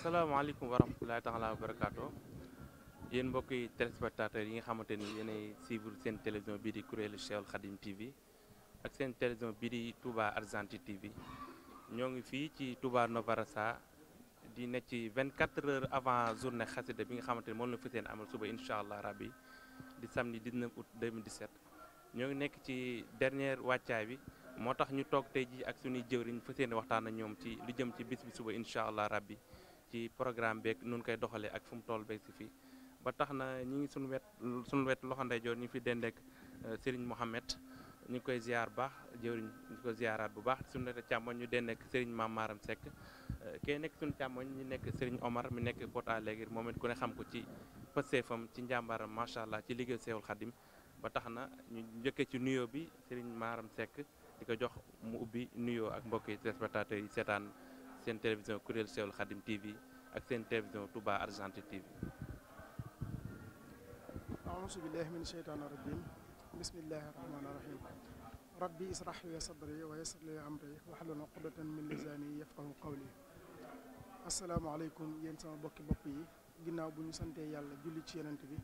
asalaamaaleykum wa rahmatulahi taala wa barakaatu yéen mbokk yi téléspectateurs yi nga xamante ni yéenay suivre seen télévision bii di kuréelu Cheikhoul Khadim TV ak seen télévision bii di Touba Argentine TV ñoo ngi fii ci Touba Novarasa di nekk ci 24 heures avant journée xasida bi nga xamante ni moom la fas yéene amal suba incha allah rabbi di samedi 19 août 2017 ñoo ngi nekk ci dernière wàccaay bi moo tax ñu toog tey ji ak suñuy jëwriñ fas yéene waxtaan ak ñoom ci lu jëm ci bis suba incha allah rabbi ci programme beeg nun koy doxalee ak fu mu toll beeg si fii ba tax na ñi ngi suñu wet suñu wet loxo ndeyjoor ñu fi dendeek euh, sëriñ Mohamed ñu ngi koy ziar baax jëwriñ ñu ko ziaraat bu baax suñu wet càmmoñ ñu dendeek Serigne Mame Maram sekk euh, kee nekk suñu càmmoñ ñu nekk Serigne Omar mi nekk Bota léegi moom it ku ne xam ko ci pasteefam ci njàmbaaram macha allah ci liggéey Seexul Xadim ba tax na ñu njëkkee ci nuyo bi Serigne maaram sekk di ko jox mu ubbi nuyoo ak mbokki téléspectateurs yi seetaan seen télévision kuréel Cheikhoul Khadim TV ak seen télévision Touba Argentine TV. aouzu billahi min sheytaani rajim bismillahi rahmaani rahim rabbi israh li sadri wa yassir li amri wahlul uqdatan min lisani yafqahu qawli asalaamaaleykum yéen sama bokki bopp yi ginnaaw bu ñu santee yàlla julli ci yenent bi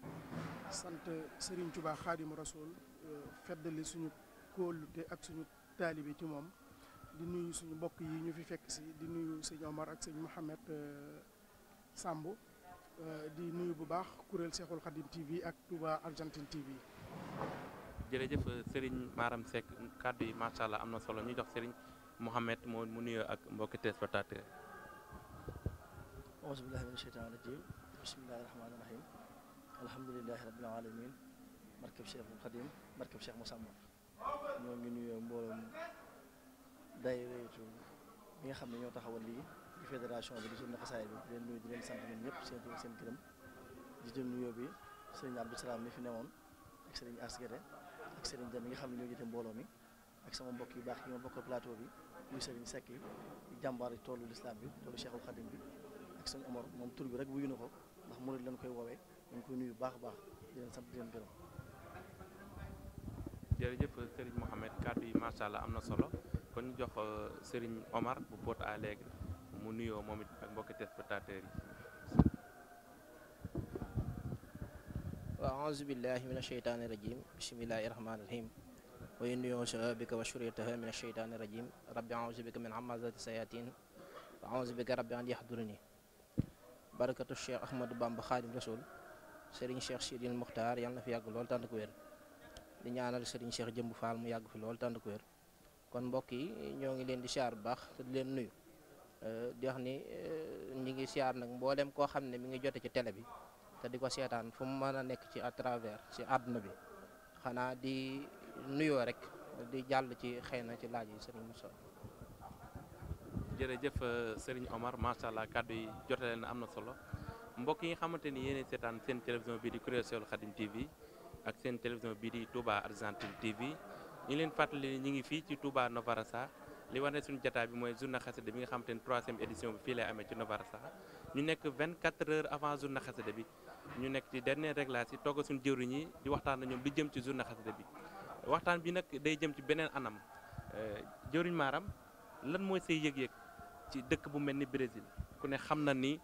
sant Serigne Touba Xaadimu Rasuul feddali suñu kóolute ak suñu taalibi ci moom di nuyu suñu mbokk yi ñu fi fekk si di nuyu sëñ Omar ak sëñ Mouhamed euh, Samb euh, di nuyu bu baax kuréel Seexul Xadim TV ak Touba Argentine TV. jërëjëf euh, Serigne Maram Seck kàddu yi macha am na solo ñu jox Serigne Mouhamed moo mu nuyoo ak mbokki téléspectateur. auzu billahi mina sheytaani rajim bismillahi rahmaani rahim alhamdulilahi rabbil alamin barkeb Seexul Xadim barkeb Seex Musaa ñoo ngi nuyoo mbooloom. dayreetu bi nga xam ne ñoo taxawal lii di fédération bi di journée xasaay bi di leen nuyu di leen sant ñun ñëpp seen seen gërëm di jël nuyoo bi sëriñ Abdou Salaam mi fi newoon ak sëriñ Asgare ak sëriñ Dem nga xam ne ñoo jotee mbooloo mi ak sama mbokk yu baax yi ma bokk plateau bi muy sëriñ Seck yi jàmbaar yi toolu lislaam bi toolu Cheikhul Khadim bi ak sëriñ Omar moom tur bi rek wuyu na ko ndax murid lañ koy woowee dañ ngi koy nuyu baax baax di leen sant di leen gërëm. jërëjëf sëriñ Mouhamed kàddu yi macha allah am na solo. kon ñu jox euh, Serigne Omar bu Porto Alegre mu nuyoo moom it ak mbokki téléspectateurs yi waaw aousubillahi min asheytaani rajim bismillahi rahmaani rahim wa yunniyo bika wa shuriyataha min asheytaani rajim rabbi aousu bika min hamazati sayatin wa aousu rabbi an yahduruni barakatu cheikh ahmadou bamba xaadim rasul sëriñ cheikh sidil muxtaar yàlla na fi yàgg lool tànd ko wér di ñaanal sëriñ cheikh jëmb faal mu yàgg fi lool tànd ko wér kon mbokk yi ñoo ngi leen di siyaar bu baax te di leen nuyu eh, di wax ni eh, ñi ngi siyaar nag mbooleem koo xam ne mi ngi jote ci télé bi te di ko seetaan fu mu mën a nekk ci à travers ci àdduna bi xanaa di nuyoo rek di jàll ci xëy na ci laaj yi sëriñ Moussa. jërëjëf eh, sëriñ Omar macha allah kàddu yi jotale leen am na solo mbokk yi nga xamante ni yéen seetaan seen télévision bii di Kuréel Seexul TV ak seen télévision bii di Touba Argentine TV. ñu leen fàttali ñu ngi fii ci Touba Novarasa li war ne suñu jataay bi mooy journée xasida bi nga xam te ne troisième édition bi fii lay amee ci Novarasa ñu nekk vingt 24 heures avant journée xasida bi ñu nekk ci dernier réglage si togg suñu jëwriñ yi di waxtaan na ñoom lu jëm ci journée xasida bi waxtaan bi nag day jëm ci beneen anam euh, jëwriñ Maram lan mooy say yëg-yëg ci dëkk bu mel ni Brésil ku ne xam na ni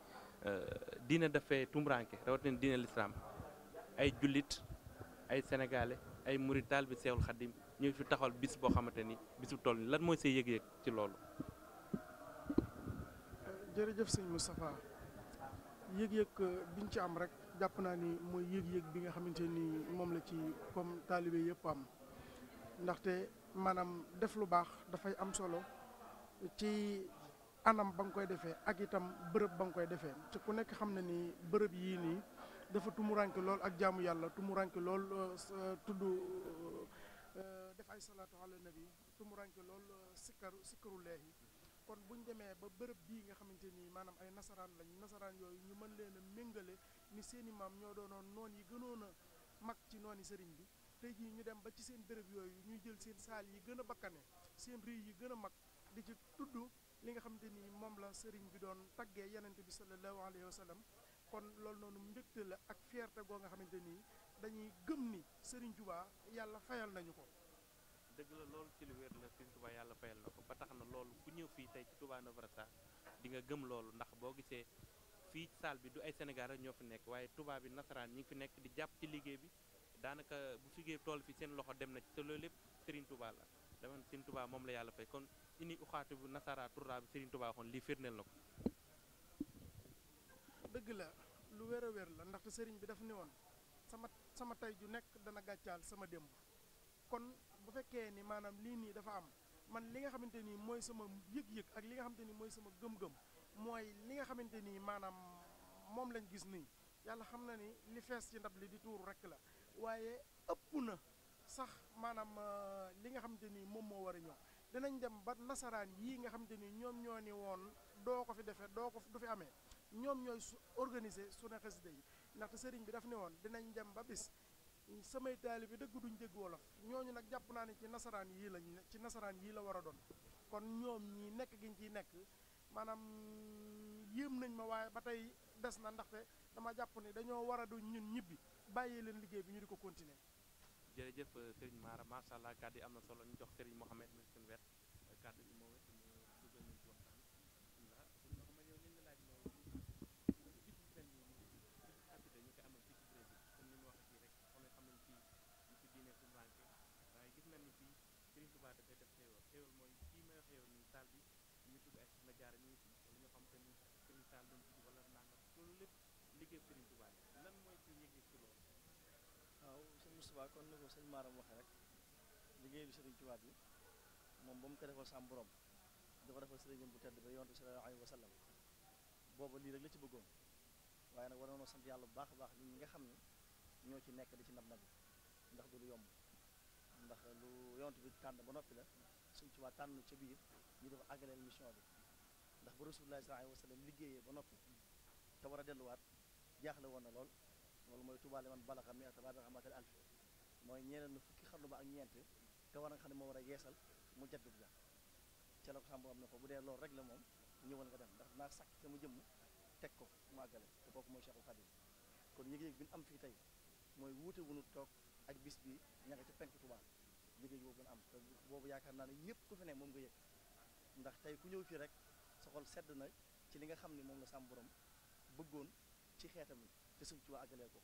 euh, diine dafay tumranke rawatina diine l'islam ay jullit ay sénégalais ay murit bi Seexul Xadim ñu ngi fi taxawal bis boo xamante ni bisu tool lan mooy say yëg-yëg ci loolu. jërëjëf sëñ Moustapha yëg-yëg euh, biñ ci am rek jàpp naa ni mooy yëg-yëg bi nga xamante nii moom la ci comme taalibe yëpp am ndaxte maanaam def lu baax dafay am solo ci anam ba nga koy defee ak itam bërëb ba nga koy defee te ku nekk xam na ni bërëb yii nii dafa tumuranke lool ak jaamu yàlla tumuranke lool euh, euh, tudd salaatu ala nabi tumuranke lool euh, sikkaru sikkaru leex yi kon bu ñu demee ba bërëb bii nga xamante ni maanaam ay nasaraan lañ nasaraan yooyu ñu mën leen a méngale ni seeni maam ñoo doonoon noon yi gënoon a mag ci nooni sëriñ bi tey jii ñu dem ba ci seen béréb yooyu ñu jël seen saal yi gën a bakkane seen riz yi gën a mag di ci tudd li nga xamante ni moom la sëriñ bi doon taggee yenente bi sallallahu alayhi wa sallam kon loolu noonu mbégte la ak fierté goo nga xamante ni dañuy gëm ni sëriñ Tuubaa yàlla fayal nañu ko dëgg la loolu ci lu wér la sëñ yàlla fayal na ko ba tax na loolu ku ñëw fii tey ci Touba Novara Sarr di nga gëm loolu ndax boo gisee fii salle bi du ay senegal ak ñoo fi nekk waaye Touba bi nasaraan ñi ngi fi nekk di jàpp ci liggéey bi daanaka bu figee tool fi seen loxo dem na te loolu lépp Serigne Touba la dama moom la yàlla fay kon ini bu nasara turra bi Serigne Touba xoon lii na ko la lu wér a wér la ndaxte sëriñ bi daf ne woon sama sama tey ju nekk dana gàccaal sama démb kon bu fekkee ni maanaam lii nii dafa am man li nga xamante ni mooy sama yëg-yëg ak li nga xamante ni mooy sama gëm mooy li nga xamante ni maanaam moom lañ gis nii yàlla xam na ni li fees ci ndab li di tuuru rek la waaye ëpp na sax maanaam euh, li nga xamante ni moom moo war a ñëw dinañ dem ba nasaraan yii nga xamante ni ñoom ñoo ni woon doo ko fi defee doo ko du fi amee ñoom ñooy su organiser suñu xasida yi ndaxte sëriñ bi daf ne woon dinañ dem ba bis samay taalibe dëgg duñ dégg wolof ñooñu nag jàpp naa ne ci nasaraan yii lañ ci nasaraan yii la war a doon kon ñoom ñi nekk giñ ciy nekk maanaam yéem nañ ma waaye ba tey des na ndaxte dama jàpp ne dañoo war a doon ñun ñibbi bàyyee leen liggéey bi ñu di ko continuer. jërëjëf Serigne Mara macha allah kàddu yi am na solo ñu jox Serigne Mohamed mi suñu wet kàddu salle bi ñu tudd ay ñoo xam te ni seen lépp liggéey mooy ci yëg-yëg ci waaw sëñ Moustapha kon ni ko sëñ Maram waxee rek liggéey bi Serigne Touba bi moom ba mu ko defal sam borom dafa defal sëriñam bu tedd ba yonte sallallahu alayhi wa sallam booba lii rek la ci bëggoon nag war nañoo yàlla bu baax a baax ñi nga xam ne ñoo ci nekk di ci na nabi ndax du lu yomb ndax lu yonte bi tànn ba noppi la suñ Touba tànn ca biir ñu def àggaleel mission bi ndax bu rasulullah sallallahu alayhi wa sallam liggéeyee ba noppi te war a delluwaat jaaxle woon na lool loolu mooy tubaale man balaxa mi ata baabira amatal alf mooy ñeeneen fukki xarnu ba ak ñeent te war nga xam ne moo war a yeesal mu jaddub ga ca la ko xam boo am ne ko bu dee loolu rek la moom ñëwal nga dem ndax naa sàkk te mu jëmm teg ko mu àggale te kooku mooy Cheikhul Khadim kon yëg-yëg bi ñu am fii tey mooy wuute wunu toog ak bis bi ña nga ca penk Tuubaa liggéey boobu gën yaakaar naa ne ñëpp ku fi moom nga yëg ndax tey ku ñëw fii rek sa sedd na ci li nga xam ni moom la sàmm borom bëggoon ci xeetam yi te Sëñ waa àggalee ko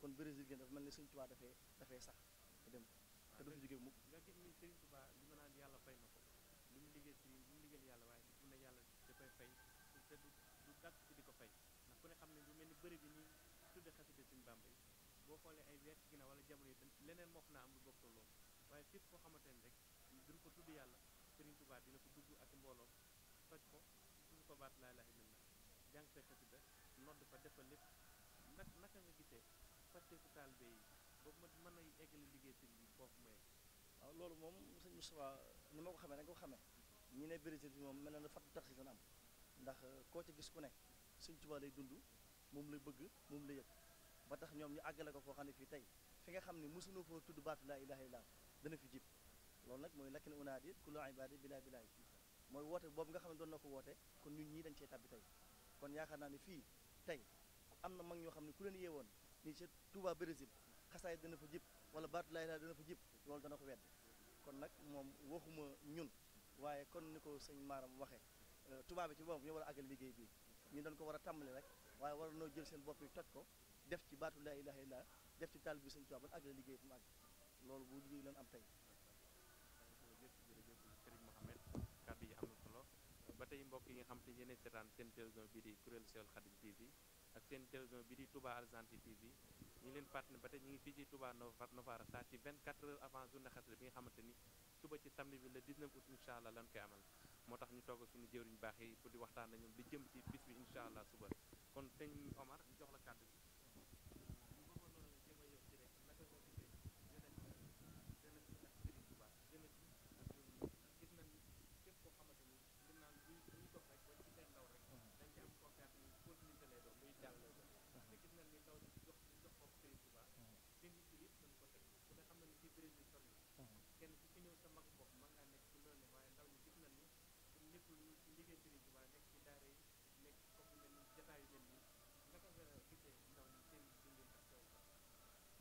kon Brésil gi dafa mel ni Sëñ Tuubaa dafee dafee sax dem te du fi jógee mukk nga gis ni Sëñ Tuubaa li ma naan yàlla fay na ko li mu liggéey ci li mu yàlla waaye li mu yàlla da koy fay du du di ko fay ndax ku ne xam ne lu mel ni bëri bi ñuy tudde xasida Sëñ Bàmba yi boo xoolee ay weer ci ginnaaw wala jamono yi leneen moo xam naa am lu bokk loolu waaye fépp koo xamante ne rek duñ ko tudd yàlla Sëriñ Tuubaa dina ko dugg ak mbooloo toj ko tudd ko baat laa ilaaha illallaah jàng fay xasida nodd fa defal lépp nag naka nga gisee fàtteeku taalibe yi ba mën a eggali liggéey sëriñ bi foofu mooy waaw loolu moom sëñ Moustapha ni ma ko xamee da nga ko xamee ñi ne vérité bi moom mel na ne tax dana am ndax euh, koo ca gis ku ne sëñ Tuubaa lay dund moom lay bëgg moom lay yëg ba tax ñoom ñu àggale ko foo xam fii tey fi nga xam ne mosuñu foo tudd baatu laa ilaaha illallaah mooy lakkin unaadi kullu ibaadi bilaa bilaa yi mooy woote boobu nga xam ne doon na ko woote kon ñu ñii dañ cee tàbbi tey kon yaakaar naa ne fii tey am na mag ñoo xam ne ku leen yee woon nii ci Touba Brésil xasaay dana fa jib wala baatu laa ilaaha dana fa jib loolu dana ko wedd kon nag moom waxuma ñun waaye kon ni ko sëñ maaram waxee euh, tubaab bi ci boppam ñoo war a àggal liggéey bi ñu doon ko war a tàmbali rek waaye war noo jël seen bopp yi toj ko def ci baatu laa ilaaha illaa def ci taal bi sëñ Tuubaa ba àggal liggéey bi mu loolu bu liggéey lan am tey tey mbokk yi nga xam te yéen seetaan seen télévision bi di kuréelu Seexul Xadim TV ak seen télévision bi di Touba Argentine TV ñu ngi leen fàttali ba tey ñu ngi fii ci Touba Novara saa ci 24 heures avant journée xasida bi nga xamante suba ci samedi bi le 19 août incha allah lan koy amal moo tax ñu togg suñu jëwriñ baax yi pour di waxtaan nañu li jëm ci bis bi incha allah suba kon sëñ Omar ñu jox la kàddu bi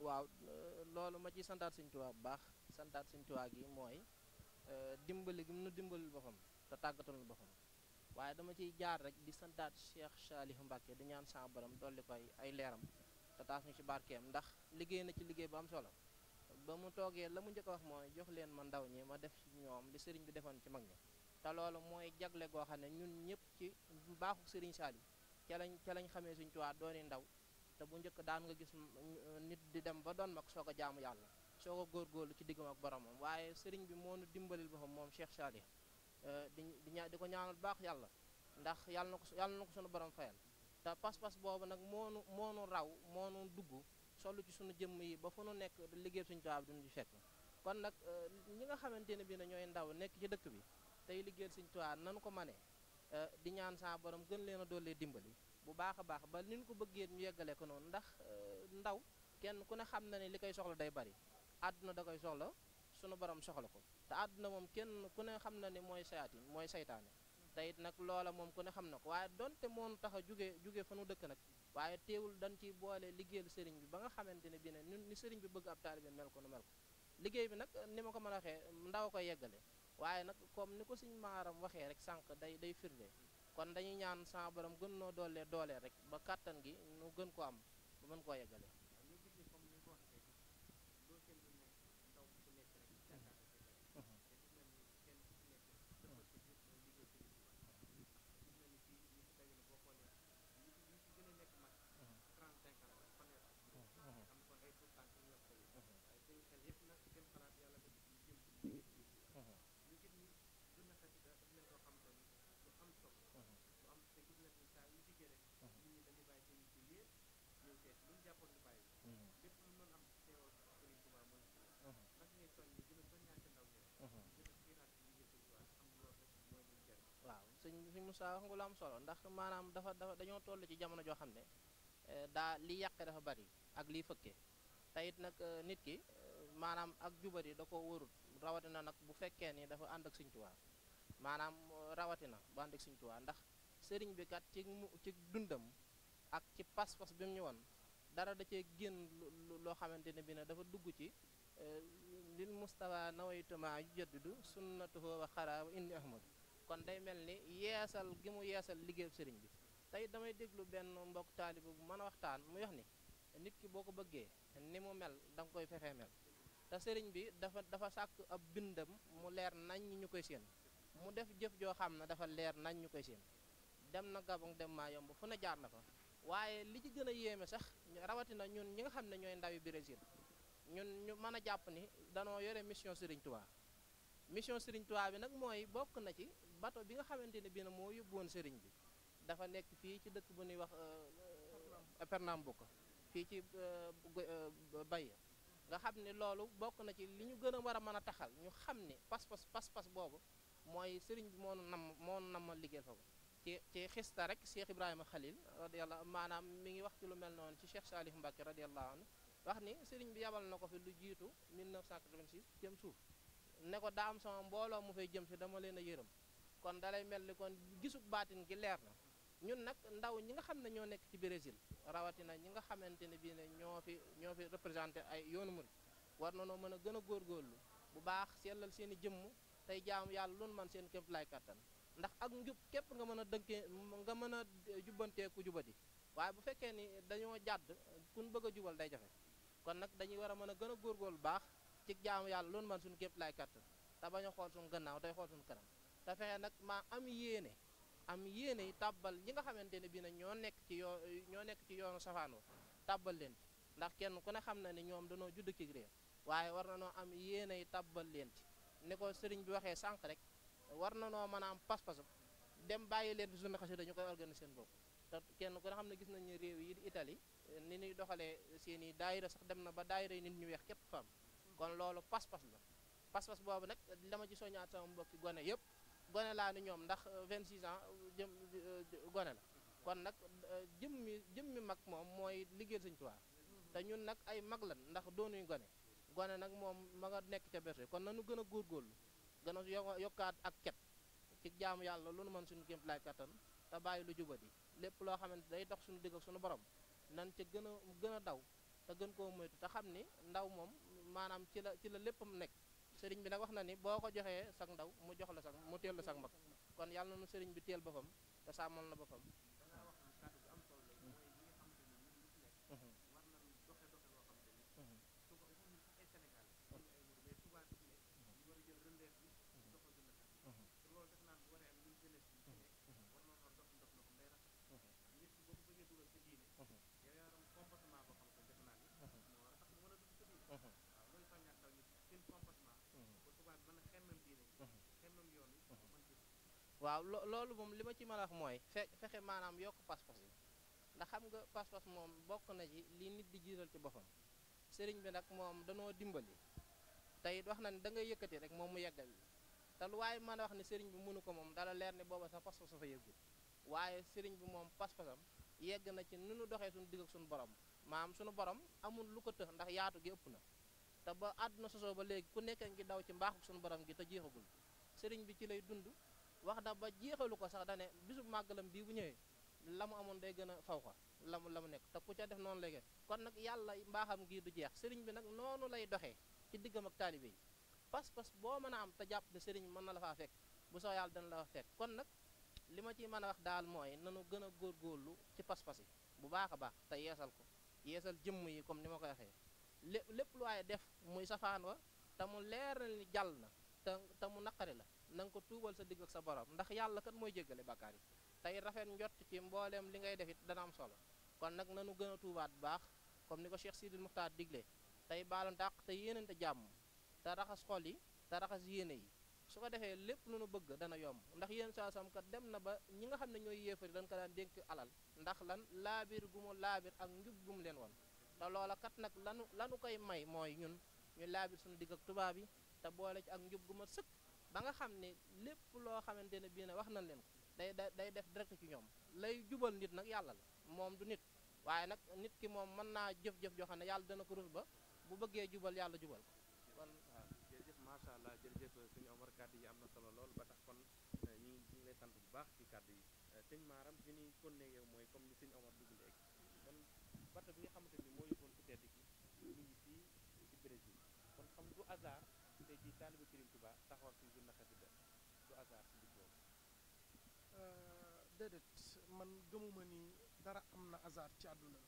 waaw loolu ma ciy santaat Sëñ Tuubaa bu baax santaat Sëñ Tuubaa gi mooy eh, dimbali gi mu nu dimbali boppam te tàggatalul boppam waaye dama ciy jaar rek di santaat Cheikh Saliou Mbacké di ñaan sa borom dolli koy ay leeram te taas ñu ci barkeem ndax liggéey na ci liggéey bu am solo ba mu toogee la mu njëkk a wax mooy jox leen ma ndaw ñi ma def ñoom li sëriñ bi defoon ci mag ñi te loolu mooy jagle goo xam ne ñun ñëpp ci baaxu sëriñ Saliou ca lañ ca lañ xamee Sëñ Tuubaa dooni ndaw te bu njëkk daan nga gis nit di dem ba doon mag soog a jaamu yàlla soog a góorgóorlu ci diggam ak boromam waaye sëriñ bi moo nu dimbalil boppam moom Cheikh Salih eh, di di ña di ko ñaanal baax yàlla ndax yàlla na ko yàlla na ko sunu borom fayal te pas-pas boobu nag moo nu moo nu raw moo nu dugg solu ci sunu jëmm yi ba fu nu nekk liggéey suñu tubaab duñu ci fekk kon nag eh, ñi nga xamante ne bii na ñooy ndaw nekk ci dëkk bi tey liggéeyal suñu tubaab nanu ko mane eh, di ñaan saa borom gën leen a doolee dimbali bu baax a baax ba ni ñu ko bëggee ñu yeggale ko noonu ndax euh, ndaw kenn ku ne xam na ne li koy soxla day bari àdduna da koy soxla sunu borom soxla ko te àdduna moom kenn ku ne xam na ne mooy sayaat sayaatin mooy saytaane te it nag loola moom ku ne xam na ko waaye donte moonu tax a jóge jóge fa nu dëkk nag waaye teewul dan ciy boole liggéeyal sëriñ bi ba nga xamante ne bi ne ni sëriñ bi bëgg ab taalibe mel ko nu mel ko liggéey bi nag euh, ni ma ko mën a waxee ndaw koy yeggale waaye nag comme ni ko suñ maaram waxee rek sànq day day firnde kon dañuy ñaan sa borom gën noo doole doole rek ba kàttan gi nu gën koo am ba mën koo yeggale Moussa wax am solo ndax maanaam dafa dafa dañoo toll ci jamono joo xam ne eh, daa li yàqe dafa bari ak liy fëkke te it nag eh, nit ki eh, maanaam ak jubari da ko wóorut rawatina nag bu fekkee ni dafa ànd ak Sëriñ Tuubaa maanaam rawatina bu ànd ak Sëriñ Tuubaa ndax sëriñ bi kat ci ci dundam ak ci pas-pas bi mu ñu woon dara da cee génn loo xamante ne bi ne dafa dugg ci lil Mustafa nawaytuma yujaddidu sunnatuhu wa xara wa inni ahmadu kon day mel ni yeesal gi mu yeesal liggéeyu sëriñ bi tey damay déglu benn mbokk taaliba bu mën a waxtaan mu yox ni nit ki boo ko bëggee ni mu mel da koy fexee mel te sëriñ bi dafa dafa sàkk ab bindam mu leer nañ ñu koy séen mu def jëf joo xam ne dafa leer nañ ñu koy séen dem na Gabon dem maa yomb fu ne jaar na fa waaye li ci gën a yéeme sax rawatina ñun ñi nga xam ne ñooy ndawi Brésil ñun ñu mën a jàpp ni danoo yore mission sëriñ Touba mission sëriñ bi nag mooy bokk na ci bato bi nga xamante ne bii na moo yóbbuwoon sëriñ bi dafa nekk fii ci dëkk bu ñuy wax euh, euh, Pernambuco fii ci euh, Bahia nga xam ne loolu bokk na ci li ñu gën a war a mën a taxal ñu xam ne pas-pas pas-pas boobu mooy sëriñ bi moo nam moo nam liggéeyal fa ko ci ci xista rek Cheikh Ibrahima Khalil radiyallahu maanaam mi ngi wax ci lu mel noonu ci Cheikh Salih Mbacke radiyallahu anhu wax ni sëriñ bi yabal na ko fi lu jiitu 1986 jëm suuf ne ko daa am mbooloo mu fay jëm si leen a yërëm kon dalay mel ni kon gisug baatin gi leer na ñun nag ndaw ñi nga xam ne ñoo nekk ci Brésil rawatina ñi nga xamante ne bii ne ñoo fi ñoo représenté ay yoonu murid war na noo mën a gën a góor góorlu bu baax sellal seen i jëmm tey jaamu yàlla loolu man seen képp lay kattan ndax ak njub képp nga mën a dënkee nga mën a jubbantee ku jubati waaye bu fekkee ni dañoo jàdd kun bëgg a day jafe kon nag dañuy war a mën a gën a góorgóorlu baax ci jaamu yàlla loolu man suñu képp lay kattan te bañ a xool suñu gannaaw tey xool suñu kanam te fexe nag maa am yéene am yéene tàbbal ñi nga xamante ne bii nag ñoo nekk ci yoo ñoo nekk ci yoonu safaanoo tàbbal leen ndax kenn ku ne xam na ne ñoom danoo judd ci réew waaye war na noo am yéene tàbbal leen ci ni ko sëriñ bi waxee sànq rek war na noo mën a am pas-pas dem bàyyi leen bi journée xasida dañu koy organiser seen bopp kenn ku ne xam ne gis nañ réew yi Italie ni ñuy doxalee seen i daayira sax dem na ba daayira yi nit ñu weex képp fam kon loolu pas-pas la pas-pas boobu nag dama ci sooñaat sama mbokki gone yëpp gone laa ni ñoom ndax 26 euh, ans euh, jëm euh, gone la kon nag jëm mi jëm mi mag moom mooy liggéeyal Sëñ Tuubaa te ñun nag ay mag lan ndax doonuñ gone gone nag moom ma nekk ca berse kon nanu gën góor góorgóorlu gën a yokkaat ak ket ci jaamu yàlla lu nu mën suñu gémt laay kattan te bàyyi lu yi lépp loo xamante day dox suñu digg suñu borom nan ca gën a gën a daw te gën koo moytu te xam ni ndaw moom maanaam ci la ci la léppam nekk sëriñ bi nag wax na ni boo ko joxee sag ndaw mu jox la sag mu teel la sag mag kon yàlla na nu sëriñ bi teel boppam te sàmmal na boppam waaw lo loolu moom li ma ci mën a wax mooy fexe maanaam yokk pas-pas yi ndax xam nga pas-pas moom bokk na ci li nit di jiital ci boppam sëriñ bi nag moom danoo dimbali te it wax na ni da ngay yëkkati rek moom mu yeggal yi te lu waaye mën a wax ne sëriñ bi mënu ko moom dala leer ne booba sa pas-pas fa yëggul waaye sëriñ bi moom pas-pasam yegg na ci nu nu doxee suñu digg suñu borom maam suñu borom amul lu ko tëx ndax yaatu gi ëpp na te ba àdduna sosoo ba léegi ku nekk ngi daw ci mbaaxu suñu borom gi te jeexagul sëriñ bi ci lay dund wax na ba jeexalu ko sax dane bisu màggalam bii bu ñëwee la mu amoon day gën a faw ko la mu la mu nekk te ku a def noonu lay léegi kon nag yàlla mbaaxam gii du jeex sëriñ bi nag noonu lay doxee ci diggam ak taalibe yi pas-pas boo mën a am te jàpp ne sëriñ mën na la faa fekk bu sox yàlla dana la fa fekk kon nag li ma ciy mën a wax daal mooy nanu gën a góorlu ci pas-pas yi bu baax a baax te yeesal ko yeesal jëmm yi comme ni ma ko waxee lépp lépp waaye def muy safaan wa te mu leer na ni jàll na te te mu naqari la nanga ko tuubal sa digg sa boroom ndax yàlla kat mooy jéggale bàkkaar yi tey rafet njot ci mbooleem li ngay def it dana am solo kon nag nanu gën a tuubaat bu baax comme ni ko Cheikh Sidil Muxtaar digle tey baalante àq te yéenante jàmm te raxas xol yi te raxas yéene yi su ko defee lépp lu nu bëgg dana yomb ndax yéen saa samkat dem na ba ñi nga xam ne ñooy yéefari dañ ko daan dénk alal ndax lan laabir gu mu laabir ak njub gu leen woon te loola kat nag lanu lanu koy may mooy ñun ñu laabir suñu digg ak tubaab yi te boole ci ak njub gu ma sëkk ba nga xam ne lépp loo xamante ne bii ne wax nañ leen ko day day def direct ci ñoom lay jubal nit nag yàlla la moom du nit waaye nag nit ki moom mën naa jëf-jëf joo xam ne yàlla dana ko rus ba bu bëggee jubal yàlla jubal ko kon waaw macha allah jërëjëf suñu Omar kàddu yi am na solo lool ba tax kon euh, ñu ngi ñu sant bu baax ci kàddu yi euh, sëñ maaram fi ñuy kon ne yow mooy comme ni sëñ Omar dugg léegi kon bato bi nga xamante ni moo yóbboon ku tedd ki ñu ngi fii ci Brésil kon xam du hasard tey jii taalibu Serigne Touba taxawal suñu jëmm xasida du hasard si mbir boobu. Euh, déedéet man gëmuma ni dara am na hasard ci àdduna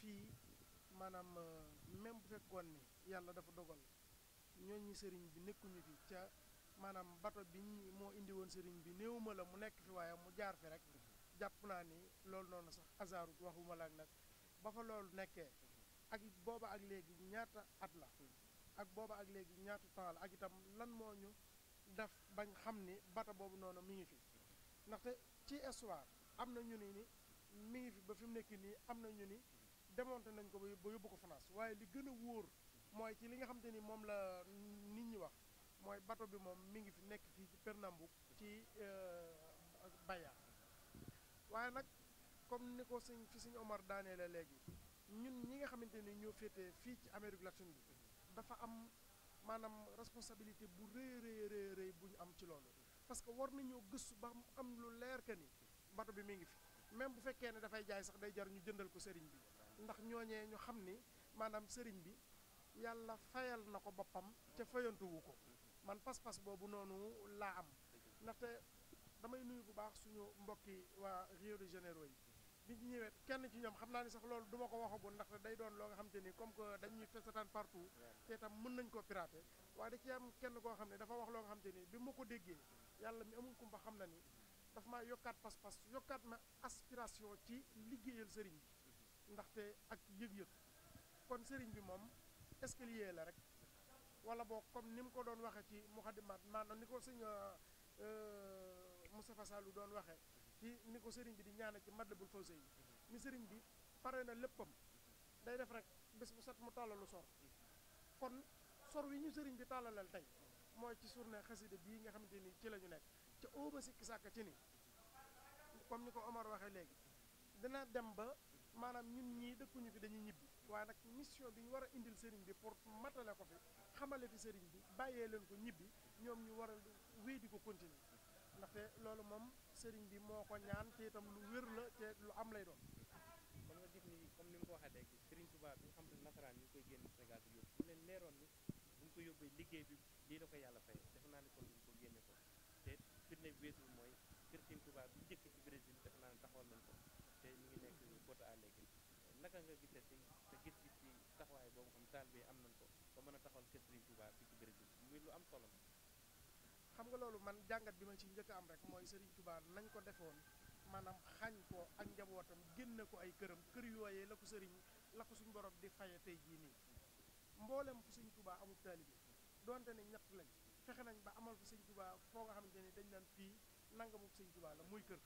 fii maanaam euh, même bu fekkoon ni yàlla dafa dogal ñooñu sëriñ bi nekkuñu fi ca maanaam bato bi ñu moo indi woon sëriñ bi néewuma la mu nekk fi waaye mu jaar fi rek jàpp naa ni loolu noonu sax hasard waxuma la nag ba fa loolu nekkee ak booba ak léegi ñaata at la. ak booba ak léegi ñaata temps la ak itam lan moo ñu def bañ xam ni bata boobu noonu mu ngi fi ndaxte ci histoire am na ñu ni ni mi ngi fi ba fi mu nekk nii am na ñu ni démonté nañ ko ba yóbbu ko France waaye li gën a wóor mooy ci li nga xamante ni moom la nit ñi wax mooy bato bi moom mi ngi fi nekk fii ci Pernambouc ci euh, Bahia waaye nag comme ni ko sëñ fi sëñ Omar daanee la léegi ñun ñi nga xamante ni ñoo féetee fii ci Amérique latine bi dafa am maanaam responsabilité bu rëy rëy rëy bu ñu am ci loolu parce que war nañoo gëstu ba mu am lu leer que ni bato bi mi ngi fi même bu fekkee ne dafay jaay sax day jar ñu jëndal ko sëriñ bi ndax ñooñee ñu xam ni maanaam sëriñ bi yàlla fayal na ko boppam te fayantuwu ko man pas-pas boobu noonu laa am ndaxte damay nuyu bu baax suñu mbokki waa Rio de Janeiro yi bi ñu ñëwee kenn ci ñoom xam naa ni sax loolu duma ko waxagul ndaxte day doon loo nga xam te ni comme que dañuy fesataan partout te itam mën nañ koo piraté waaye da ci am kenn koo xam ne dafa wax loo nga xam te ni bi ma ko déggee yàlla mi amul kumba xam na ni dafa maa yokkaat pas-pas yokkaat ma aspiration ci liggéeyal sëriñ bi ndaxte ak yëg-yëg kon sëriñ bi moom escalier la rek wala boo comme ni mu ko doon waxee ci muxadimaat maanaam ni ko sëñ euh, Moustapha Sallou doon waxee ci ni ko sëriñ bi di ñaanal ci Matlabul Fawzayni ni sëriñ bi pare na léppam day def rek bés bu set mu tàllalu sor kon sor wi ñu sëriñ bi tàllalal tey mooy ci journée xasida bii nga xamante ni ci la ñu nekk ci óoba sikki sàkk ci ni comme ni ko Omar waxee léegi dina dem ba maanaam ñun ñii dëkkuñu fi dañuy ñibbi waaye nag mission bi ñu war a indil sëriñ bi pour matale ko fi xamale fi sëriñ bi bàyyee leen ko ñibbi ñoom ñu war a wéy di ko continuer ndaxte loolu moom sëriñ bi moo ko ñaan te itam lu wér la te lu am lay doon kon nga gis ni comme ni mu ko waxee léegi sëriñ Tuubaa bi xam ne nasaraan ñu koy génn Sénégal bi yóbbu bu leen leeroon ni bu ñu ko yóbbee liggéey bi lii la ko yàlla fay defe naa ne kon ñu ko génne ko te firnde bi weesul mooy kër sëriñ Tuubaa bi jëkk ci naa ne taxawal nañ ko te ñu ngi nekk Porto Alegre naka nga gisee ci sa gis ci taxawaay boobu xam taal bi am nañ ko ba mën a taxawal kër sëriñ Tuubaa bi ci Brésil muy lu am solo xam nga loolu man jàngat bi ma ci njëkk am rek mooy Serigne Touba nañ ko defoon maanaam xañ ko ak njabootam génne ko ay këram kër yooyee la ko Serigne la ko suñ borom di faye tey jii nii mboolem ko Serigne Touba amul taalibe donte ne ñett lañ fexe nañ ba amal ko Serigne Touba foo nga xamante ni dañ naan fii nangamu ko Serigne Touba la muy kër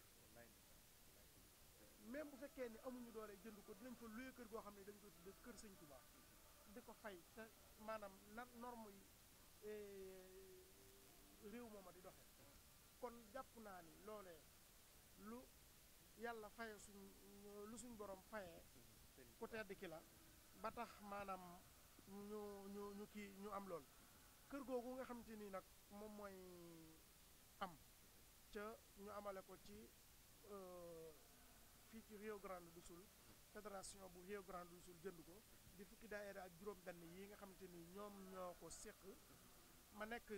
même bu fekkee ni amuñu doole jënd ko dinañ fa luye kër goo xam ne dañ ko tudde kër Serigne Touba di ko fay te maanaam na norme yi eh, réew mooma di doxe kon jàpp naa ni loole lu yàlla faye suñ lu suñ borom fayee ku tedd ki la ba tax maanaam ñu ñu ñu kii ñu am lool kër googu nga xam te ni nag moom mooy am ca ñu amale ko ci euh, fii ci Rio Grande do Sul fédération bu Rio Grande do Sul jënd ko di fukki daa daayira ak juróom benn yi nga xam te ni ñoom ñoo ko séq ma nekk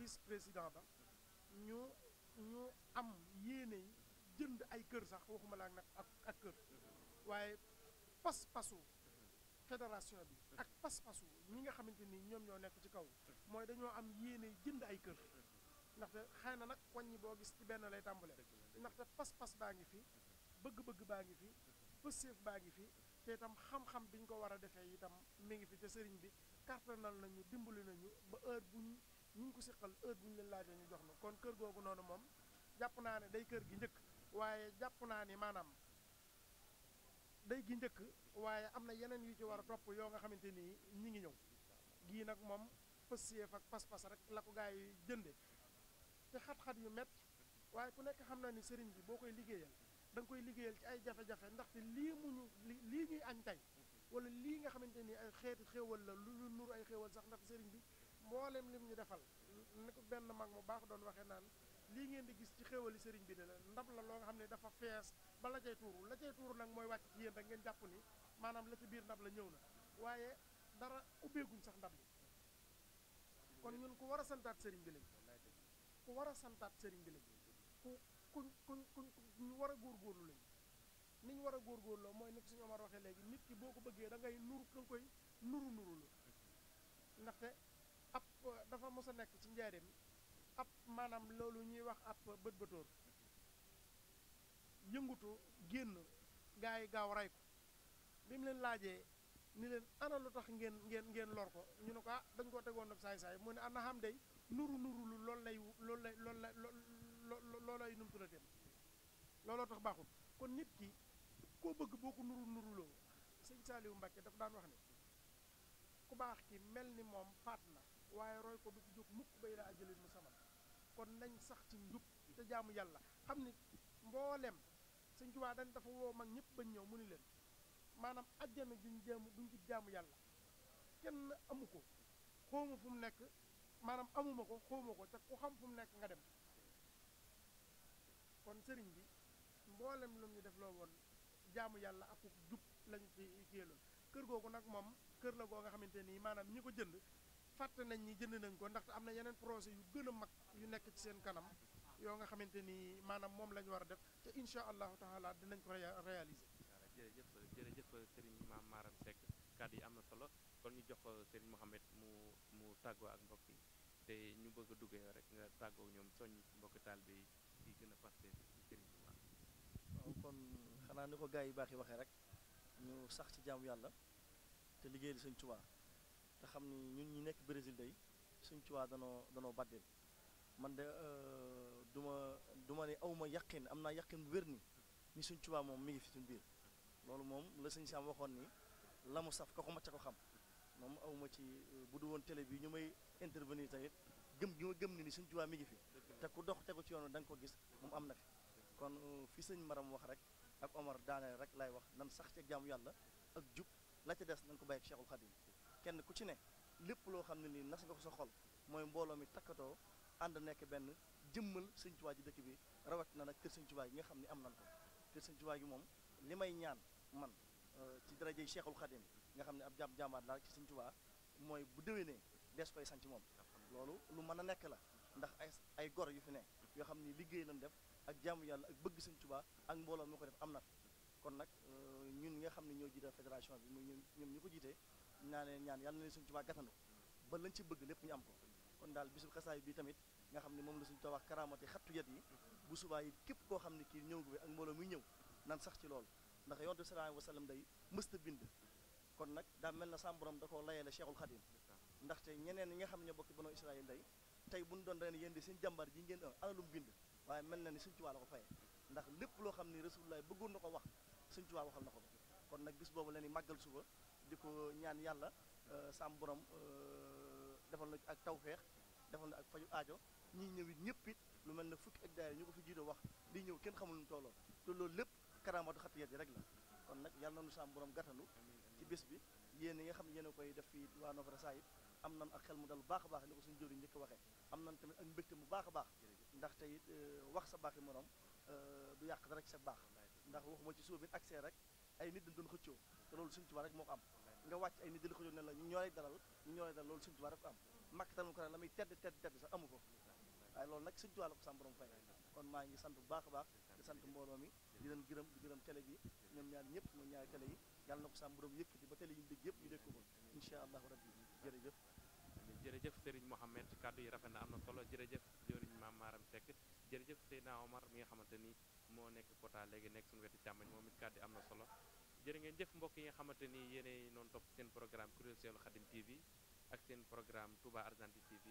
vice président ba ñu ñu am yéene yi jënd ay kër sax waxuma laa nag ak ak kër waaye pas-pasu fédération bi ak pas-pasu ñi nga xamante ni ñoom ñoo nekk ci kaw mooy dañoo am yéene jënd ay kër ndaxte xëy na nag wàññi boo gis ci benn lay tàmbale ndaxte pas-pas baa ngi fi bëgg-bëgg baa ngi fi pëseef baa ngi fi te itam xam-xam bi ñu ko war a defee itam mi ngi fi te sëriñ bi kartanal nañu dimbali nañu ba heure bu ñu ñu ngi ko siqal heure bu ñu leen laajee ñu jox na kon kër googu noonu moom jàpp naa ne day kër gi njëkk waaye jàpp naa ni maanaam day gi njëkk waaye am na yeneen yu ci war a topp yoo nga xamante ni ñi ngi ñëw gii nag moom pësseef ak pas-pas rek la ko gaa yi jënde te xat-xat yu met waaye ku nekk xam naa ni sëriñ bi boo koy liggéeyal da koy liggéeyal ci ay jafe-jafe ndaxte lii ñu lii ñuy añ tey wala lii nga xamante ni ay xeeti xéewal la lu lu nur ay xéewal sax ndax sëriñ bi mboolem lim ñu defal ni ko benn mag mu baax doon waxee naan lii ngeen di gis ci xewali sëriñ bi de la ndab la loo nga xam ne dafa fees ba la cay tuuru la cay tuuru nag mooy wàcc ci yéen rek ngeen jàpp ni maanaam la ci biir ndab la ñëw na waaye dara ubbeeguñ sax ndab li kon ñun ku war a santaat sëriñ bi lañ ku war a santaat sëriñ bi lañ ku kuñ kuñ kuñ ñu war a góorgóorlu lañ ni ñu war a góorgóorloo mooy ni ko suñu Omar waxee léegi nit ki boo ko bëggee da ngay nuru da koy nuru nuru lu dafa mos a nekk ci njaareem ab maanaam loolu ñuy wax ab bët bëtóor yëngutu génn gaa yi gaaw rey ko bi mu leen laajee ni leen ana lu tax ngeen ngeen ngeen lor ko ñu ne ko ah dañ koo tegoon nag saay saay mu ne ana ah, xam day nuru nuru lu loolu lay loolu lay loolu lay loolu lay numtu dem looloo tax baaxul kon nit ki koo bëgg boo ko nuru nuru loo sëñ Saaliwu Mbàkke dafa daan wax ne ku baax ki mel ni moom faat na waaye roy ko du ci jóg mukk bay la ajalin mu saman kon nañ sax ci njub te jaamu yàlla xam ni mboolem sëñ Tuubaa dañ dafa woo mag ñëpp bañ ñëw mu ni leen maanaam ajjana duñ jaamu duñ ci jaamu yàlla kenn amu ko xawma fu nekk maanaam amuma ko xawma ko te ku xam fu mu nekk nga dem kon sëriñ bi mboolem lu ñu def loo woon yàlla ak jub lañu ci kéeloon kër googu nag moom kër la goo nga xamante nii maanaam ñi ko jënd fàtte nañ ñi jënd nañ ko ndaxte am na yeneen projet yu gën a mag yu nekk ci seen kanam yoo nga xamante ni maanaam moom la ñu war a def te incha allahu taala dinañ ko réaliser. jërëjëf jërëjëf Serigne Maam Maram Seck kàddu yi am na solo kon ñu jox Serigne Mohamed mu mu tàggoo ak mbokk yi te ñu bëgg a duggee rek nga tàggoo ñoom soñ mbokk taal bi di gën a passé Serigne bi waaw kon xanaa ni ko gars yi baax yi waxee rek ñu sax ci jaamu yàlla te liggéeyal Sëñ Tuubaa te xam ni ñun ñi nekk Brésil day suñ Tuubaa danoo danoo baddil man de du euh, duma du ne aw ma yaqin am naa yaqin bu wér ni ni suñ Tuubaa moom mi ngi fi suñ biir loolu moom la sëñ Sam waxoon ni la mu saf ka ko macca ko xam moom aw ci euh, bu du woon télé bii ñu may intervenir tamit gëm gi ma gëm ni ni suñ Tuubaa mi ngi fi te ku dox tegu ci yoon da nga ko gis moom am na fi kon euh, fi sëñ Maram wax rek ak Omar daaneel rek lay wax nan sax ci jaamu yàlla ak jub la ca des nañ ko bàyyi ak Cheikhul Khadim kenn ku ci ne lépp loo xam ne nii nas nga ko sa xol mooy mbooloo mi takkatoo ànd nekk benn jëmmal sëñ ji dëkk bi rawat na nag kër sëñ Tuubaa nga xam ne am nan ko kër sëñ Tuubaa moom li may ñaan man euh, ci darajey Cheikhul Khadim nga xam ne ab jàmm jàmbaat laa ci sëñ mooy bu dewee déwénee des koy sanc moom loolu lu mën a nekk la ndax ay ay gor yu fi ne yoo xam ni liggéey lañ def ak jaamu yàlla ak bëgg sëñ Tuubaa ak mbooloo mi ko def am na kon nag euh, ñun nga xam ne ñoo jiite fédération bi muy ñoom ñi ko jiitee naa leen ñaan yàlla na leen suñu Tuubaa gàttandu ba lañ ci bëgg lépp ñu am ko kon daal bisu xasaay bi tamit nga xam ne moom la suñ Tuubaa wax karaamati xattu yet yi bu subaa yi képp koo xam ne kii ñëw bi ak mbooloo muy ñëw nan sax ci lool ndax yonte sallallahu alayhi wa sallam day mësta bind kon nag daa mel na sam borom da koo layele Cheikhul Khadim ndaxte ñeneen ñi nga xam ne bokki banu Israël day tey bu ñu doon yéen di seen jàmbar ji ngeen am alalum bind waaye mel na ni suñu Tuubaa la ko fayee ndax lépp loo xam ne Rasulullah bëggoon na ko wax suñu Tuubaa waxal na ko kon nag bis boobu leen màggal suba di ko ñaan yàlla euh, sam borom euh, defal na ak tawfeex defal na ak faju aajo ñi ñëwit ñëpp it lu mel ne fukki ak daayira ñu ko fi jiitu wax li ñëw kenn xamul nu tolloo loolu lépp karaamatu xatiyat yi rek la kon nag yàlla nañu sam borom gàttanu ci bés bi yéen yi nga xam ne yéen a koy def fii waa Novara Saïd am na ak xel mu dal bu baax a baax li ko suñu jóriñ njëkk waxee am na tamit ak mbégte mu baax a baax ndax tey euh, wax sa baaxi morom du yàq dara ci sa baax ndax waxuma ci suuf bi accès rek ay nit dañ doon xëccoo te loolu suñu tubaab rek moo am nga wàcc ay nit di la ko jox ñu ñoo lay dalal ñoo lay dalal loolu Sëñ Tuubaa rek ko am Màkka tanul ko la muy tedd tedd sax amu ko waaye loolu nag Sëñ Tuubaa la ko sam borom fay maa ngi sant bu baax a baax di sant mbooloo mi di leen gërëm di gërëm télé bi ñoom ñaar ñëpp ñoom ñaari télé yi yàlla ba télé yi ñu dégg yëpp ñu dégg ko incha allahu rabbi jërëjëf jërëjëf Serigne Mohamed kàddu yi rafet na am na solo jërëjëf jëriñ Maam Maram Seck jërëjëf Seydina Omar mi nga xamante ni moo nekk Kota léegi nekk suñu wetu càmmañ moom it kàddu am na solo jërë ngeen jëf mbokk yi nga xamante ni yéenay noonu topp seen programme kuréel seenu Khadim TV ak seen programme Touba Argentine TV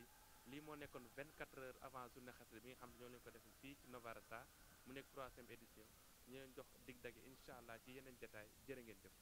lii moo nekkoon 24 heures avant journée xasida bi nga xam ne ñoo leen ko def fii ci Novarata mu nekk troisième édition ñu leen jox dig dage incha allah ci yeneen jataay jërë ngeen jëf